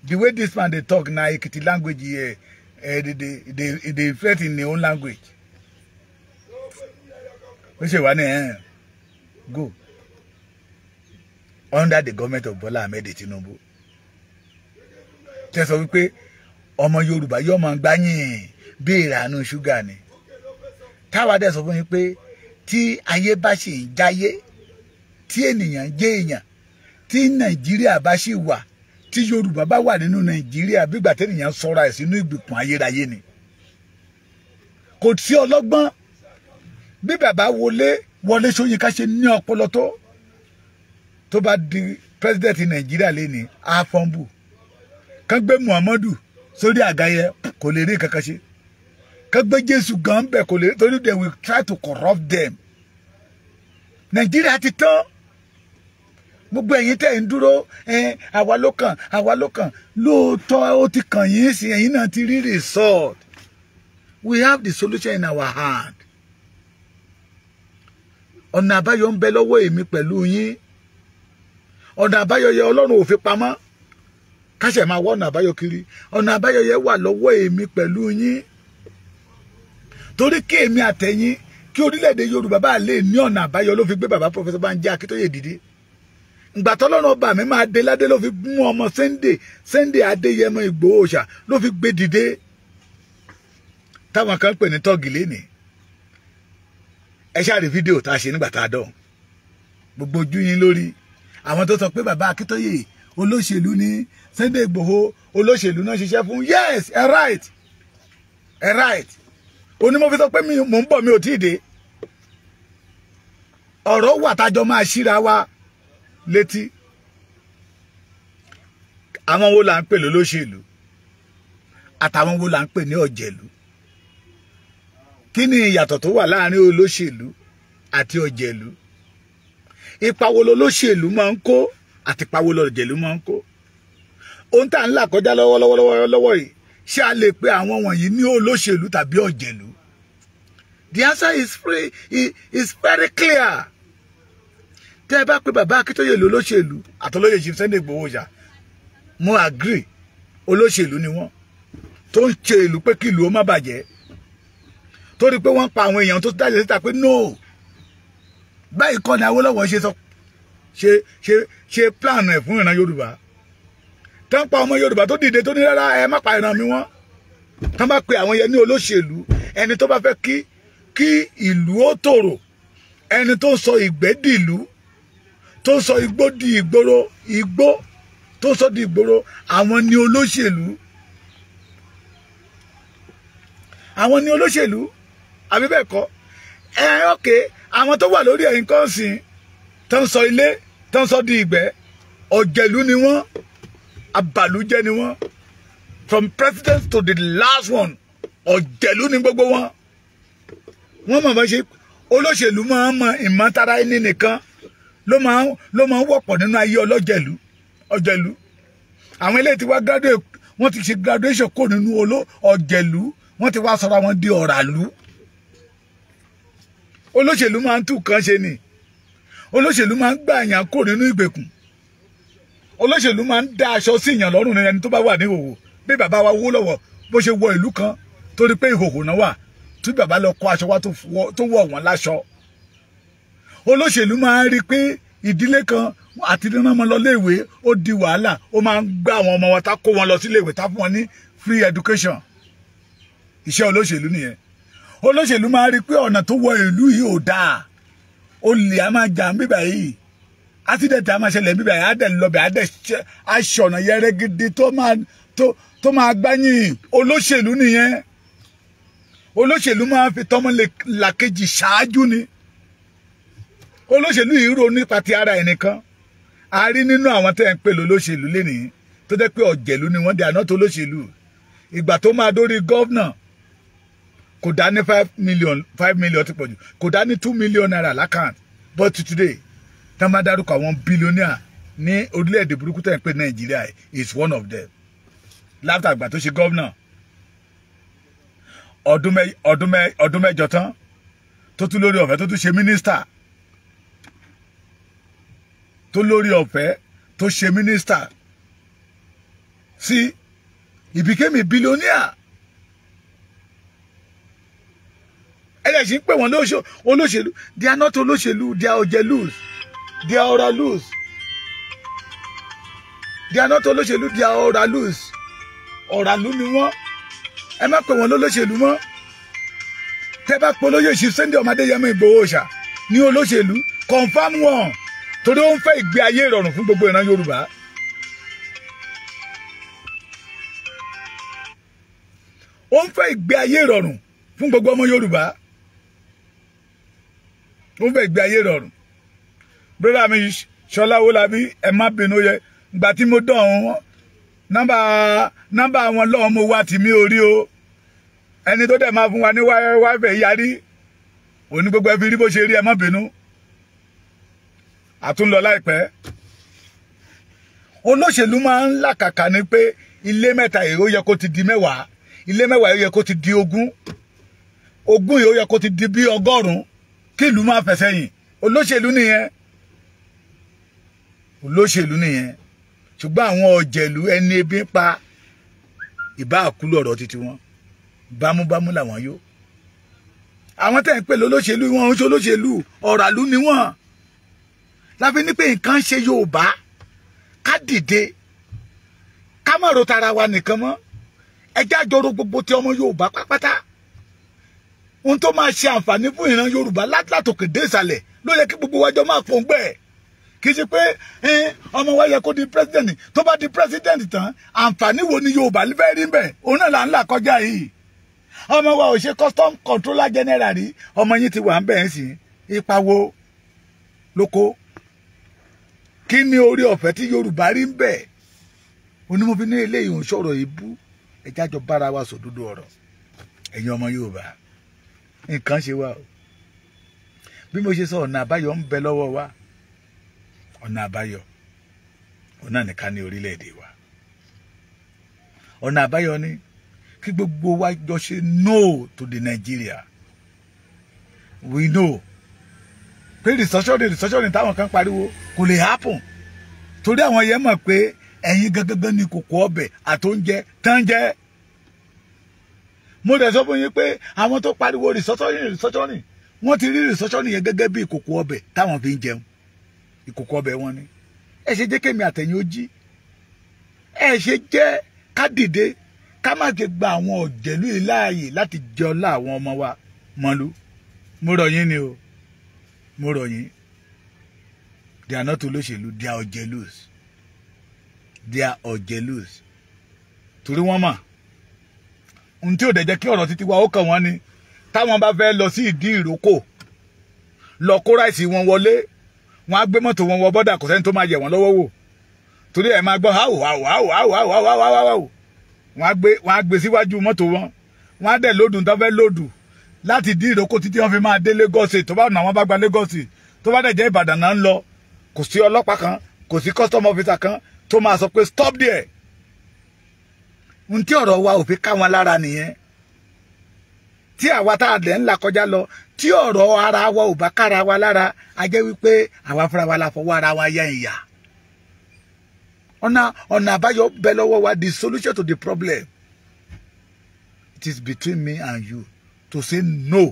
the way this man dey talk na Ekiti language here uh, eh, they dey they dey reflect in their own language ó ṣe wà ní eh, go under the government of Bola Ahmed Tinubu tẹ sọ wípé ọmọ Yorùbá yóò máa gbáyìn bí ìrànú ṣúgà ni táwa dẹ̀ sọ fún yín pé tí ayé bá ṣe jáyé tí ènìyàn jẹ́ èèyàn tí nàìjíríà bá ṣì wà tí yorùbá bá wà nínú nàìjíríà bígbà tẹ́nìyàn sọra ẹ̀ sínú ìgbèkùn ayérayé ni kò sí ọlọ́gbọ́n bí bàbá wọlé wọlé ṣóyínká ṣe ní ọpọlọ tó tó bá di pírẹsidẹ̀ntì nàìjíríà lẹ́ni àfọ̀nbù kán gbé muhammadu sórí àga yẹ kò lè rí kankan ṣe kẹgbẹ́ jésù gan bẹ̀ kò lè torí they will try to corrupt them nàìjíríà ti tán gbogbo ẹ̀yin tẹ́ ń dúró àwa ló kàn àwa ló kàn lóòótọ́ ó ti kàn yín sí ẹ̀yin náà ti rí result we have the solution in our hand ọ̀nà àbáyọ ń bẹ lọ́wọ́ èmi pẹ̀lú yín ọ̀nà àbáyọ yẹ ọlọ́run ò fi pamọ́ káṣẹ̀ máa wọ́ ọ̀nà àbáyọ kiri ọ̀nà àbáyọ yẹ wà lọ́wọ́ èmi pẹ̀lú yín torí kí èmi àtẹ̀yìn kí orílẹ̀-èdè yorùbá bá lè ní ọ̀nà àbáyọ ló fi gbé bàbá pọfẹsọ Bánjí Akíntóyè dìde ìgbà tọ́lọ́run ọba mi máa dé ládé ló fi mú ọmọ Sunday Sunday Adéyẹmọ Ìgbòho Òòṣà ló fi gbé dìde táwọn kan pè ní tọ́ọ̀gì lénìí ẹ ṣáàrí fídíò tá a ṣe nígbà tá a dán gbogbo ojú yín lórí àwọn tó sọ pé bàbá Akíntóyè olóṣèlú ní Sunday Ìgbòho olóṣèlú náà ṣiṣẹ́ fún yes ẹ right ẹ right òní mo fi sọ pé mò ń bọ̀ mi ò tí ì dé ọ̀rọ̀ wà tájọ máa ṣíra wa létí àwọn wo là ń pè lólóṣèlú àtàwọn wo là ń pè ní ọ̀jẹ̀lú kí ni ìyàtọ̀ tó wà láàrin olóṣèlú ipa wo lolóṣèlú máa ń kó àti ipa wo lọ̀jẹ̀lú máa ń kó ohun tá à ń là kọjá lọ́wọ́lọ́wọ́ lọ́wọ́ yìí a lè pe àwọn wọ̀nyí ní olóṣèlú tàbí ọ̀jẹ̀lú the answer is free is very clear tẹ́ ẹ bá pe bàbá akíntóyè ló lóṣèlú àtọlóyè jim sunday gbowó ọjà mo agree olóṣèlú ni wọ́n tó ń ṣe ìlú pé kí ìlú ó má bàjẹ́ torí pé wọ́n pa àwọn èèyàn tó dájẹ́ síta pé no báyìí kọ́ ni awólọ́wọ̀ ṣe sọ ṣe ṣe ṣe plan rẹ̀ fún ìran yorùbá tán pa ọmọ yorùbá tó dìde tó ní rárá ẹ má pa ìran mi wọ́n tán bá pe àwọn yẹn ní olóṣèlú ẹni tó bá fẹ́ kí kí ìlú ó tòrò ẹni tó sọ ìgbẹ́ dìlú tó sọ igbó di ìgboro igbó tó sọ di ìgboro àwọn ni olóṣèlú àwọn ni olóṣèlú àbí bẹ́ẹ̀ kọ́ ẹ ọ̀kẹ́ àwọn tó wà lórí ẹ̀yìn kan tó ń sọ ilé tó ń sọ di ìgbẹ́ ọ̀jẹ̀lú ni wọ́n abàlújẹ́ ni wọ́n from president to the last one ọ̀jẹ̀lú ni gbogbo wọn wọ́n mọ̀ bá ṣe olóṣèlú máa ń mọ ìmọ̀tara ẹni nìkan ló máa ń ló máa ń wọ̀pọ̀ nínú ayé ọlọ́jẹ̀lú ọ̀jẹ̀lú àwọn eléyìí ti wá graduate wọ́n ti ṣe graduation kó nínú oló ọ̀jẹ̀lú wọ́n ti wá sọra wọn di ọ̀ràlú olóṣèlú máa ń tú kan ṣe ni olóṣèlú máa ń gbà yàn kó nínú ìgbèkùn olóṣèlú máa ń dá aṣọ sí ìyàn lọ́rùn ẹni tó bá wà ní ìhòòhò bí bàbá wa wó lọ́wọ́ bó ṣe wọ ìlú kan torí pé ìhòòhò náà wà tí bàbá lọ kó aṣọ wá tó wọ̀ wọ́n láṣọ olóṣèlú máa ń rí i pé ìdílé kan àti rán ọmọ lọ léèwé ó di wàhálà ó máa ń gbá àwọn ọmọ wọn tá kó wọn lọ sí tá fún wọn ní free education iṣẹ́ olóṣèlú nìyẹn olóṣèlú máa rí i pé ọ̀nà tó wọ ìlú yìí ò dáa olè á máa jà ń bíbà yìí ásídẹ̀tì á máa ṣẹlẹ̀ ń bíbà yìí á dẹ̀ lọ́bẹ̀ á dẹ̀ aṣọ̀nà yẹrẹ gidi tó máa gbáyìn olóṣèlú nìyẹn olóṣèlú máa ń fi tọmọlàkejì ṣáájú ni olóṣèlú yìí rò nípa ti ara ẹnìkan a rí nínú àwọn tẹ́ ń pè lólóṣèlú lénìí tó jẹ́ pé ọ̀jẹ̀lú ni wọ́n di àná tó lóṣèlú ìgbà tó máa dórí gọ́vnà kò dá ní five million five million ti pọ̀jù kò dá ní two million naira lákàn but today tá a máa dárúkọ àwọn billionaire ní orílẹ̀-èdè burúkú tẹ́ ń pè nàìjíríà is one of them láfíà àgbà tó ṣe gọ́vnà ọdún mẹ́jọ tán tó tún lórí ọ̀fẹ́ tó tún ṣe mínísítà tó lórí ọ̀fẹ́ tó ṣe mínísítà see he became a billionaire ẹlẹ́sì ń pè wọ́n olóṣèlú they are not olóṣèlú they are òjèlús they are oralús they are not olóṣèlú they are oralús ọ̀ràlú ni wọ́n ẹ má pè wọ́n lólóṣèlú mọ́ tẹ́ bá pe olóyèsí Sunday ọmọdé yẹmọ Ìgbòho ṣá ní olóṣèlú confam wọn torí ó ń fẹ́ ìgbé ayé ìrọ̀rùn fún gbogbo ìran Yorùbá. ó ń fẹ́ ìgbé ayé ìrọ̀rùn fún gbogbo ọmọ Yorùbá ó ń fẹ́ ìgbé ayé ìrọ̀rùn brother mi Ṣọlá Owólabí ẹ má bínú yẹ gbà mo dán wọn nọ́mbà nọ́mbà wọn lọ́wọ́ mo wá tì mí orí o ẹni tó dẹ̀ máa fún wa ní wáfẹ̀ yarí òní gbogbo ẹbí rí bó ṣe rí ẹ má bínú àtúnlọ láìpẹ́ olóṣèlú máa ń làkàkà ni pé ilé mẹ́ta èrò yẹ kó ti di mẹ́wàá ilé mẹ́wàá yẹ kó ti di ogún ogún yìí ó yẹ kó ti di bí ọgọ́rùn-ún kí ìlú máa fẹsẹ̀ yìn olóṣèlú nìyẹn olóṣèlú nìyẹn ṣùgbọ́n àwọn ọ̀jẹ̀lú ẹni ebi ń pa ìbá àkúlù ọ̀rọ̀ títí wọn bámúbámú làwọn yó àwọn tẹ̀ ń pè lólóṣèlú wọn ń ṣe olóṣèlú ọ̀ràlú ni wọn láfi ní pé nǹkan ṣe Yorùbá ká dìde ká má ro tara wa nìkan mọ́ ẹjẹ́ àjọrò gbogbo ti ọmọ Yorùbá pátápátá ohun tó máa ṣe àǹfààní fún ìran Yorùbá látòkè dé ìsàlẹ̀ ló yẹ kí gbogbo wájọ máa pòǹgbẹ́ ẹ̀ kì í ṣe pé ọmọ wa yẹ kó di president tó bá di president tán àǹfààní wo ni Yorùbá fẹ́ rí bẹ̀ òun náà là ń là kọjá yìí ọmọ wa ò ṣe custom controller general rí ọmọ yín ti wà ń bẹ̀ sí ipa wo lóko kí ni orí ọ̀fẹ́ tí Yorùbá rí ń bẹ̀ onímọ̀bí ní eléyìí ò ń sọ̀rọ̀ ibú ẹ̀já jọ bára wa sòdodo ọ̀rọ̀ ẹ̀yin ọmọ Yorùbá nǹkan ṣe wá o bí mo ṣe sọ ọ̀nà àbáyọ ń bẹ lọ́wọ́ wa ọ̀nà àbáyọ òun náà nìkan ní orílẹ̀-èdè wa ọ̀nà àbáyọ ni kí gbogbo wa jọ ṣe no to the Nigeria we know pé restructuring restructuring táwọn kan pariwo kò lè happen torí àwọn yẹn mọ̀ pé ẹ̀yin gangan ni kòkó ọbẹ̀ àtóúnjẹ tán jẹ́ mo dẹ̀ sọ fún yín pé àwọn tó pariwo restructuring restructuring wọ́n ti rí restructuring yẹn gẹ́gẹ́ bí kòkó ọbẹ̀ táwọn fi ń jẹun ìkòkò ọbẹ̀ wọn ni ẹ ṣe jẹ́ kémi àtẹ̀yìn ó jí ẹ ṣe jẹ́ ká dìde ká má ṣe gba àwọn ọ̀jẹ̀lú yìí láti jẹ ọlá ọmọ wa mọ́lú mo rọ̀ yín ni o mo rọ̀ yín they are not olóṣèlú they are ọ̀jẹ̀lús they are ọ̀jẹ̀lús torí wọ́n mọ̀ ohun tí ò dẹ̀ jẹ́ kí ọ̀rọ̀ títí wa ó kàn wọ́n ni táwọn bá fẹ́ lọ sí ìdí ìrókò lọ kó ráìsì wọn wọlé wọ́n á gbé mọ́tò wọn wọ bọ́dà kò sẹ́ni tó máa yẹ̀ wọ́n lọ́wọ́ wò torí ẹ̀ máa gbọ́ háwò háwò háwò háwò háwò háwò háwò wọ́n á gbé wọ́n á gbé síwájú mọ́tò wọn wọ́n á dẹ̀ lódùn tó fẹ́ lódù láti dín ìrókò títí wọ́n fi máa dé Lagos tó bá nà wọ́n bá gba Lagos tó bá dẹ̀ jẹ́ Ìbàdàn náà ń lọ kò sí ọlọ́pàá kan kò sí custom officer kan tó máa sọ pé stop there n tí ọ̀rọ̀ wa ò fi ká wọn lára nìyẹn tí àwa tá a dẹ̀ ń là kọjá lọ tí ọ̀rọ̀ ara wa ò bá kára wa lára a jẹ́ wípé àwa fúnra wa la fọwọ́ ara wa ya ìyà ọ̀nà ọ̀nà àbáyọ bẹ lọ́wọ́ wa the solution to the problem it is between me and you to say no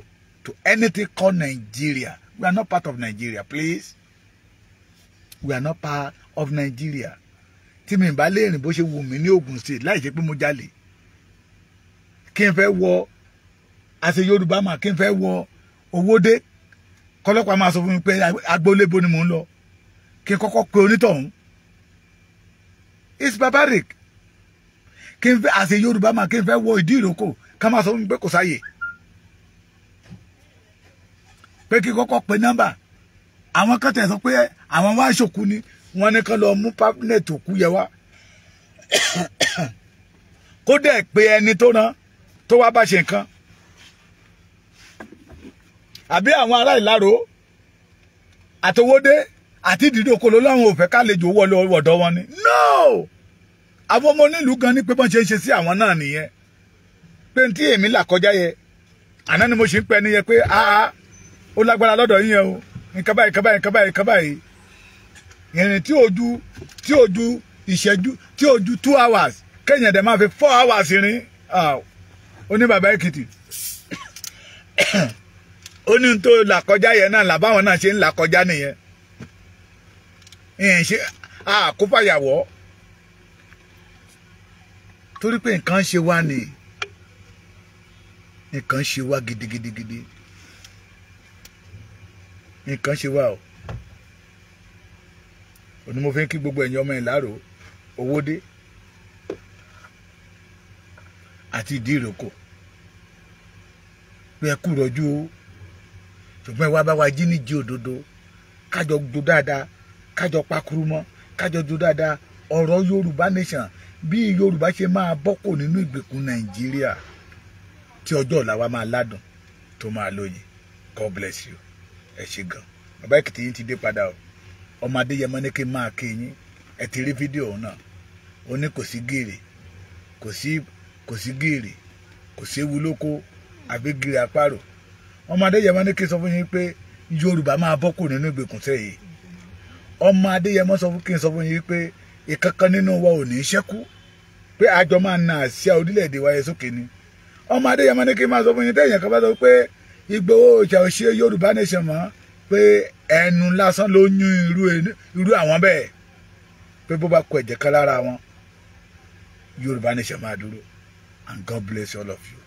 to anything called Nigeria we are not part of Nigeria please we are not part of Nigeria tí mi bá lè rìn bó ṣe wù mí ní Ogun State láì ṣe pé mo jalè kí n fẹ́ wọ àṣẹ Yorùbá mà kí n fẹ́ wọ owó dé kọlọ́pàá máa sọ fún mi pé agbólébo ni mò ń lọ kí n kọ́kọ́ pe onítọ̀hún it's barbaric kí n fẹ́ àṣẹ yorùbá máa kí n fẹ́ wọ ìdí ìrókò ká máa sọ fún mi pé kò sáyè pé kí n kọ́kọ́ pe nọ́mbà àwọn kan tẹ̀ sọ pé àwọn wá ṣòkú ni wọ́n ní kán lọ mú pápínẹ̀tì òkú yẹ wá [COUGHS] kó dẹ̀ pé ẹni tó rán tó wá bá ṣe nǹkan àbí àwọn ará Ìlaró àtowódé àti ìdílé okòló láwọn ò fẹ́ kálejò wọlé ọ̀dọ̀ wọn ni no àwọn ọmọ onílùú gan ni pé bọ́n ṣe ń ṣe sí àwọn náà nìyẹn pé ní tí èmi là kọjá yẹ àná ni mo ṣe ń pẹ́ níyẹn pé aa ó lágbára lọ́dọ̀ yín yẹn o nǹkan báyìí nǹkan báyìí nǹkan báyìí nǹkan báyìí ìrìn tí ò ju tí ò ju ìṣẹ́jú tí ò ju two hours kẹ́yìn ẹ̀dẹ̀ máa fi four hours rìn ó ní bàbá Èkìtì ó ní tó là kọjá yẹn náà làbáwọn náà ṣe ń là kọjá nìyẹn ìyẹn ṣe àkófàyàwọ́ torí pé nǹkan ṣe wá ni nǹkan ṣe wá gidigidigidi nǹkan ṣe wá o òní mo fi ń kí gbogbo ẹ̀yin ọmọ Ìlárò Owódé àti Ìdíròkò pé ẹ kú rọjú o ṣùgbọ́n ìwà bá wa jí ní jí òdodo kájọ jó dáadáa kájọ pakuru mọ́ kájọ jó dáadáa ọ̀rọ̀ Yorùbá nation bí Yorùbá ṣe máa bọ́kò nínú ìgbèkùn Nàìjíríà tí ọjọ́ ọ̀la wa máa ládùn tó máa lóye God bless you ẹ ṣe gan bàbá Èkìtì yín ti dé padà o ọmọ Adéyẹmọ ní kí n máa kí yín ẹ ti rí fídíò ọ̀hún náà ó ní kò sí gèrè kò sí kò sí gèrè kò séwu lóko àbí gèrè àparò ọmọ adéyẹmọ ní kí n sọ fún yín pé yorùbá máa bọ́ kù nínú ìgbèkùn sẹ́yìn ọmọ adéyẹmọ sọ fún kí n sọ fún yín pé ìkankan nínú wa ò ní ṣẹ́kù pé àjọ máa na àṣà orílẹ̀-èdè wa yẹ sókè ni ọmọ adéyẹmọ ní kí n máa sọ fún yín téèyàn kan bá sọ pé Ìgbòho ìjà òṣè yorùbá nation mọ́ pé ẹnu lásán ló yún irú àwọn bẹ́ẹ̀ pé bó bá kọ ẹ̀jẹ̀ kan lára wọn yorùbá nation máa dúró and God bless all of you.